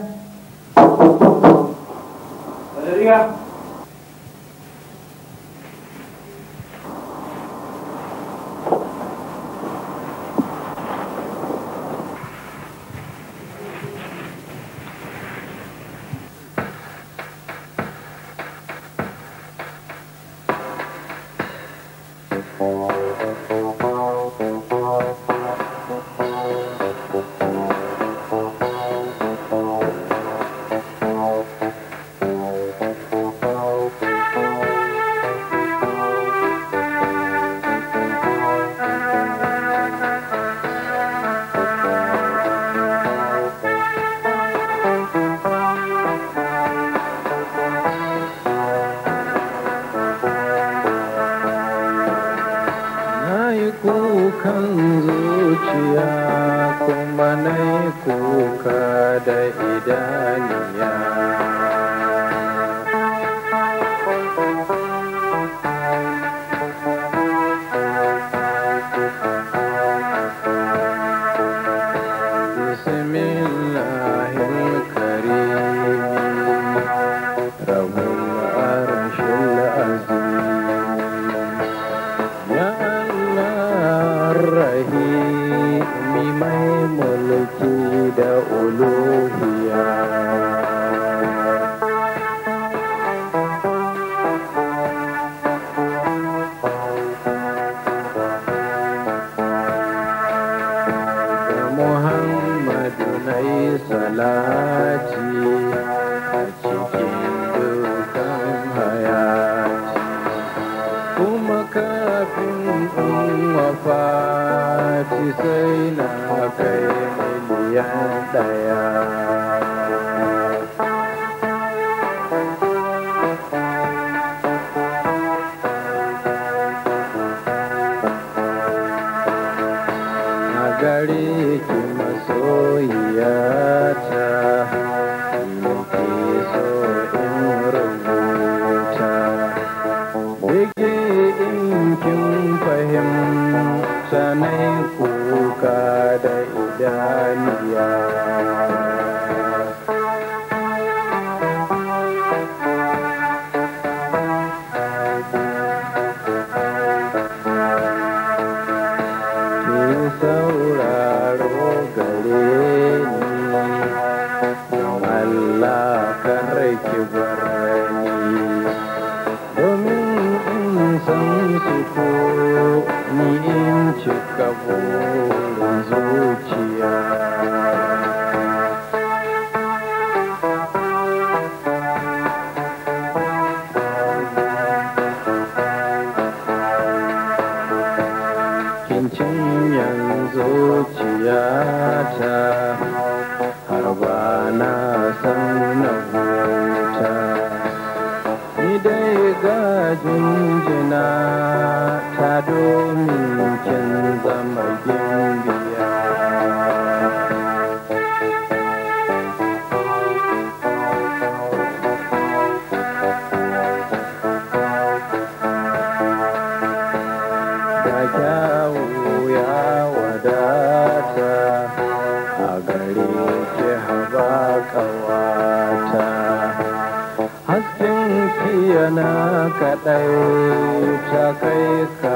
Mata Uccha Kaya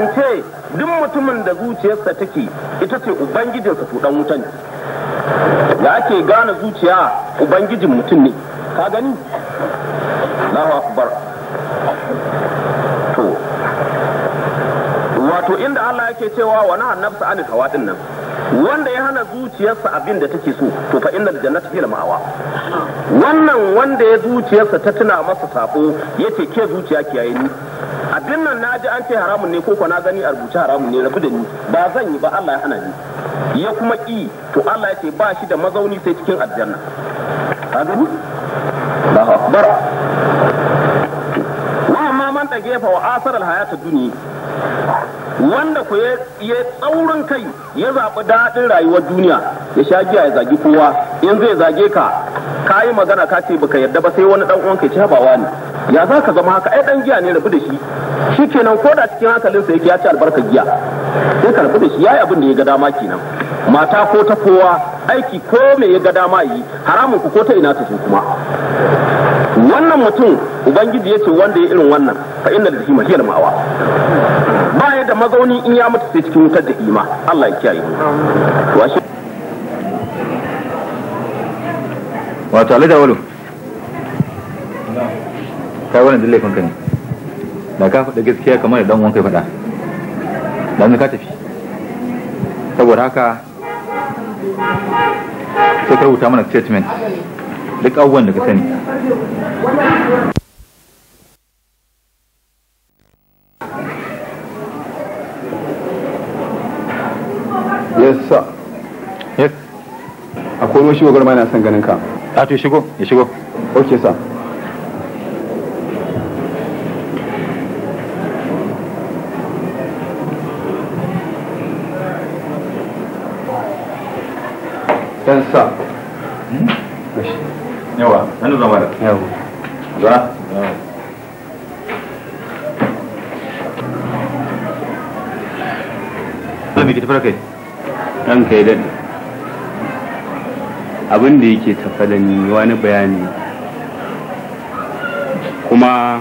in ce duk mutumin da zuciyarsa take ita ce ubangijinsa to dan wuta ne da ake gane zuciya ubangijin mutum ne ka gani Allahu akbar to wato inda Allah yake cewa wa nahan nafsa an hawa din nan wanda ya hana zuciyarsa abin da take so to fa innal jannata hiya ma'awa wannan wanda ya zuciyarsa ta tuna masa sako yace ke zuciya kiyaye ni abin nan na ji an ce haramun ne ko ko na gani a rubuce haramun ne rabu da ni ba zan yi ba Allah ya hana ni ya kuma ki to Allah ya ce ba shi da mazauni sai cikin aljanna ka gani Allahu akbar wa amma man da gefa wa asar alhayata duniya wanda ku ya tsaurin kai ya zaɓi daɗin rayuwar duniya ya sha giya ya zagi kowa in zai zage ka ka yi magana ka ce baka yarda ba sai wani ɗan uwan ya ci habawa ne ya za ka zama haka ai dan giya ne rabu da shi shi kenan ko da cikin hankalinsa yake ya ci albarka giya sai ka rabu da shi yayi abin da ya ga dama kenan mata ko ta kowa aiki ko me ya ga dama yi haramun ku ko ta ina ta kuma wannan mutum ubangiji ya ce wanda ya irin wannan fa inna lillahi wa inna ma'awa ba ya da mazauni in ya mutu sai cikin wutar da ima Allah ya kiyaye mu wato alaja walo kai wani dillai kanka ne da ka faɗa gaskiya kamar da dan wanka ya faɗa dan ka tafi saboda haka sai ka rubuta mana statement duk abubuwan da ka sani yes sir yes akwai wani shigo garma yana son ganin ka a ah, to shigo ya shigo ok sir Kai ya daɗe abin da yake tafa da ni wani bayani kuma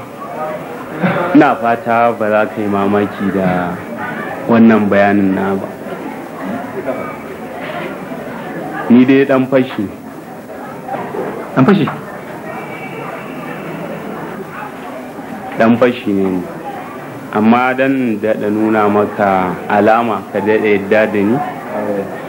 ina fata ba za ka yi mamaki da wannan bayanin na ba ni dai dan fashi dan fashi dan fashi ne amma dan da nuna maka alama ka daɗe yadda da ni 哎。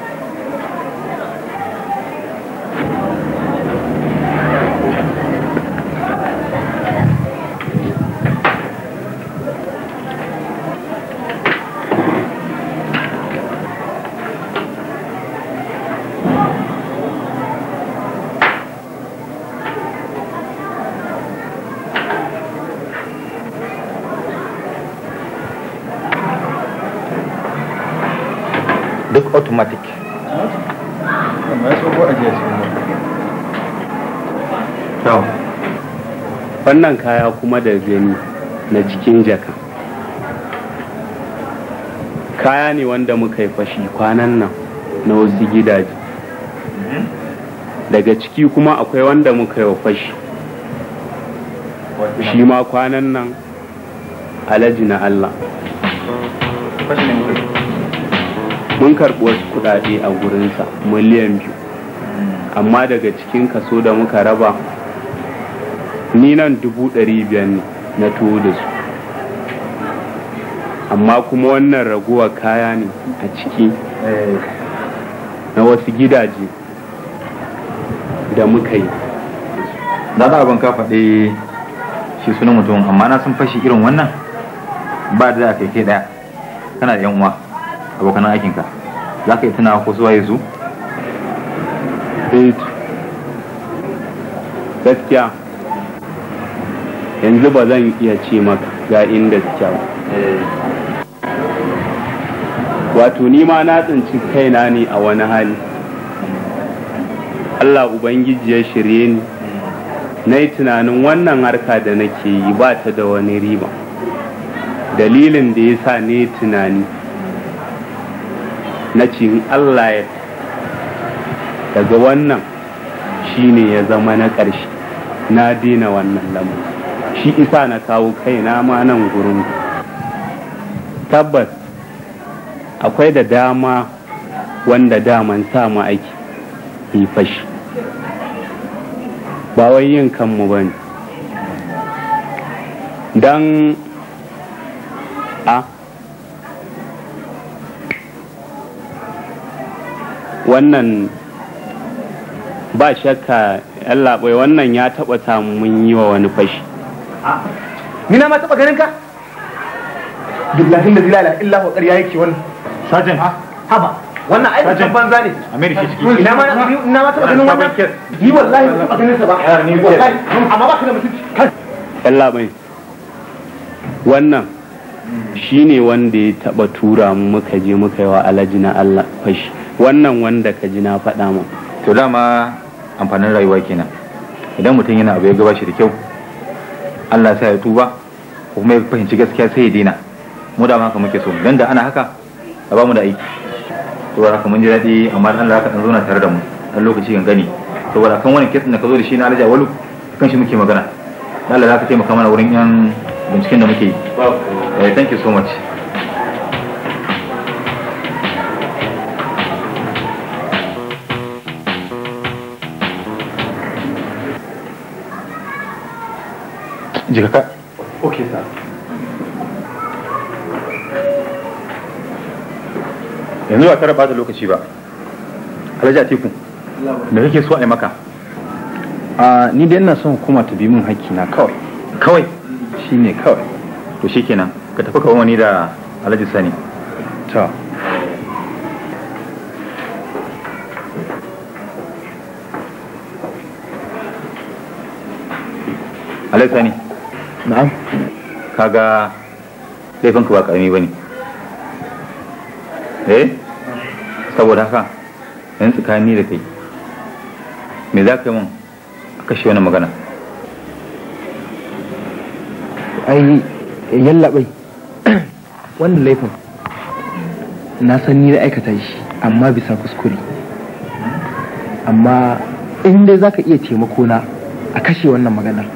wannan kaya kuma da gani na cikin jaka kaya ne wanda muka yi fashi kwanan nan na wasu gidaje daga ciki kuma akwai wanda muka yi fashi shi ma kwanan nan alaji na Allah mun karɓi wasu kuɗaɗe a gurinsa miliyan biyu amma daga cikin kaso da muka raba ni nan dubu ɗari biyar ne na tuwo da su amma kuma wannan raguwa kaya ne a ciki na wasu gidaje da muka yi da abin ka faɗi shi sunan mutum amma na sun fashi irin wannan ba da kai kai ɗaya kana da yan'uwa abokan aikinka za ka yi tuna ko suwa su? Eh gaskiya yanzu ba zan iya ce maka ga inda kyau wato nima na tsinci kaina ne a wani hali Allah Ubangiji ya shirye ni na yi tunanin wannan harka da nake yi ba ta da wani riba dalilin da ya sa ne tunani na cin Allah ya daga wannan shine ya zama na ƙarshe na dina wannan lamarin shi isa na kawo kaina ma nan gurin tabbas akwai da dama wanda daman samu aiki yi fashi ba wai yin kanmu ba ne don a wannan ba shakka labai wannan ya taɓa samun yi wa wani fashi ni na ma taba ganin ka billahi la ilaha illa huwa ƙarya yake wannan ha haba wannan ai kan banza ne amerika ciki ina ma ina ma taba ganin wannan ni wallahi ba taba ganin sa ba wallahi amma ba ka da mutunci Allah mai wannan shine wanda ya taba tura mu muka je muka yi wa alhaji na Allah fashi wannan wanda ka ji na faɗa mu to dama amfanin rayuwa kenan idan mutum yana abu ya gaba shi da kyau Allah sai ya tuba kuma ya fahimci gaskiya sai ya dina mu da haka muke so dan da ana haka a ba mu da aiki saboda haka mun ji daɗi amma dan Allah ka dan zauna tare da mu dan lokaci kan gani to ba kan wani kitin da ka zo da shi na alaja walu kan shi muke magana dan Allah za ka taimaka mana wurin yan binciken da muke yi eh, thank you so much jika ka okay sir yanzu ba tara ba da lokaci ba alhaji atiku me kake so a yi maka a ah, ni da ina son hukuma ta bi min hakki na kawai kawai shine kawai to shikenan ka tafi ka wani da alhaji sani to alhaji sani na'am kaga laifinka ba karami ba ne eh saboda haka yan tsakani da kai me za ka yi mun a kashe wani magana ai yallaɓai wannan laifin na san ni da aikata shi amma bisa kuskure amma in dai za ka iya taimako na a kashe wannan maganar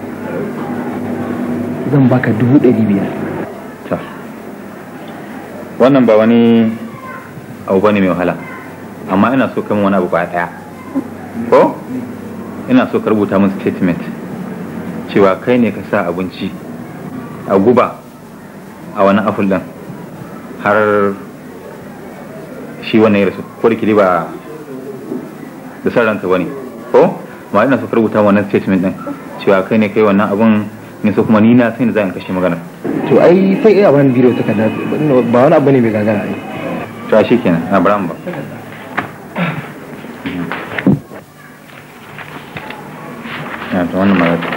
zan baka dubu ɗari biyar wannan ba wani abu bane mai wahala amma ina so kai wani abu ba ɗaya ko ina so ka rubuta min statement cewa kai ne ka sa abinci a guba a wani aful ɗin har shi wannan ya rasu ko da ba da san ba ne ko ma ina so ka rubuta wannan statement ɗin cewa kai ne kai wannan abun ne so kuma ni na sai da zan kashe magana to ai fa iya wani bidiyo ta kada ba wani abu ne mai gagara ne to a kenan na bara ba ya to wannan magana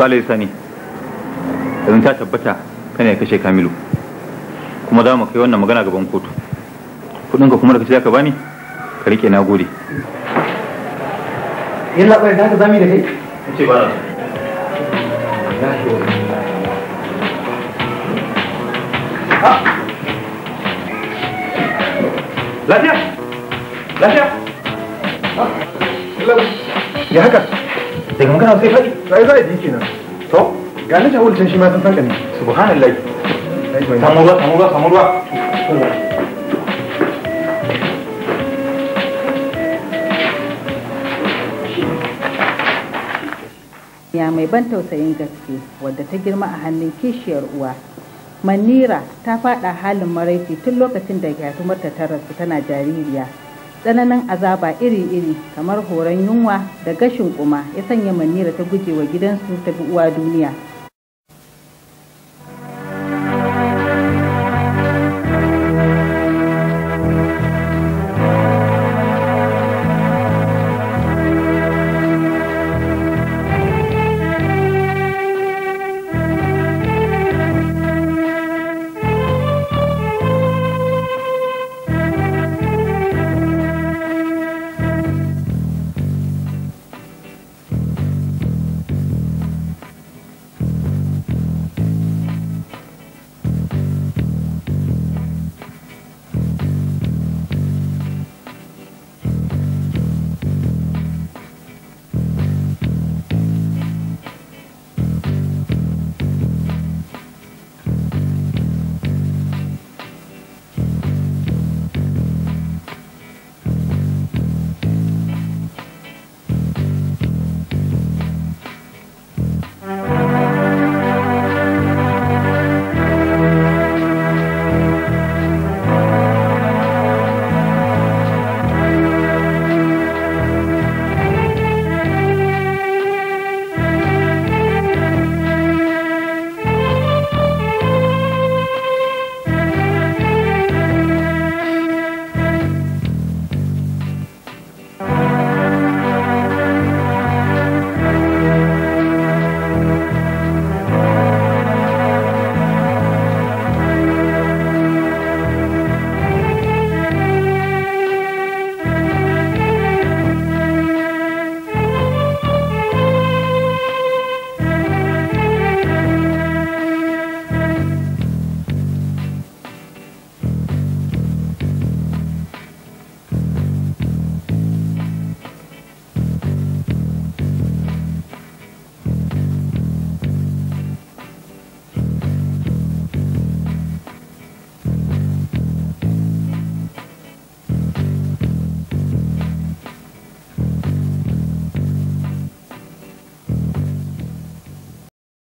salai sani yanzu ta tabbata kana ya kashe kamilu kuma za mu kai wannan magana gaban kotu kudinka kuma da kace zaka bani ka rike na gode yalla bai da ka zami da kai kace ba ah! lafiya lafiya ah! ya haka daga magana sai faɗi sai za a yi kenan to ga na jawul can shi ma sun san ka ne subhanallahi samu ruwa samu ruwa samu ruwa ya mai ban tausayin gaske wadda ta girma a hannun kishiyar uwa manira ta fada halin maraici tun lokacin da gyatumarta ta rasu tana jaririya tsananin azaba iri-iri kamar horon yunwa da gashin kuma ya sanya manira ta gujewa gidansu ta bi uwa duniya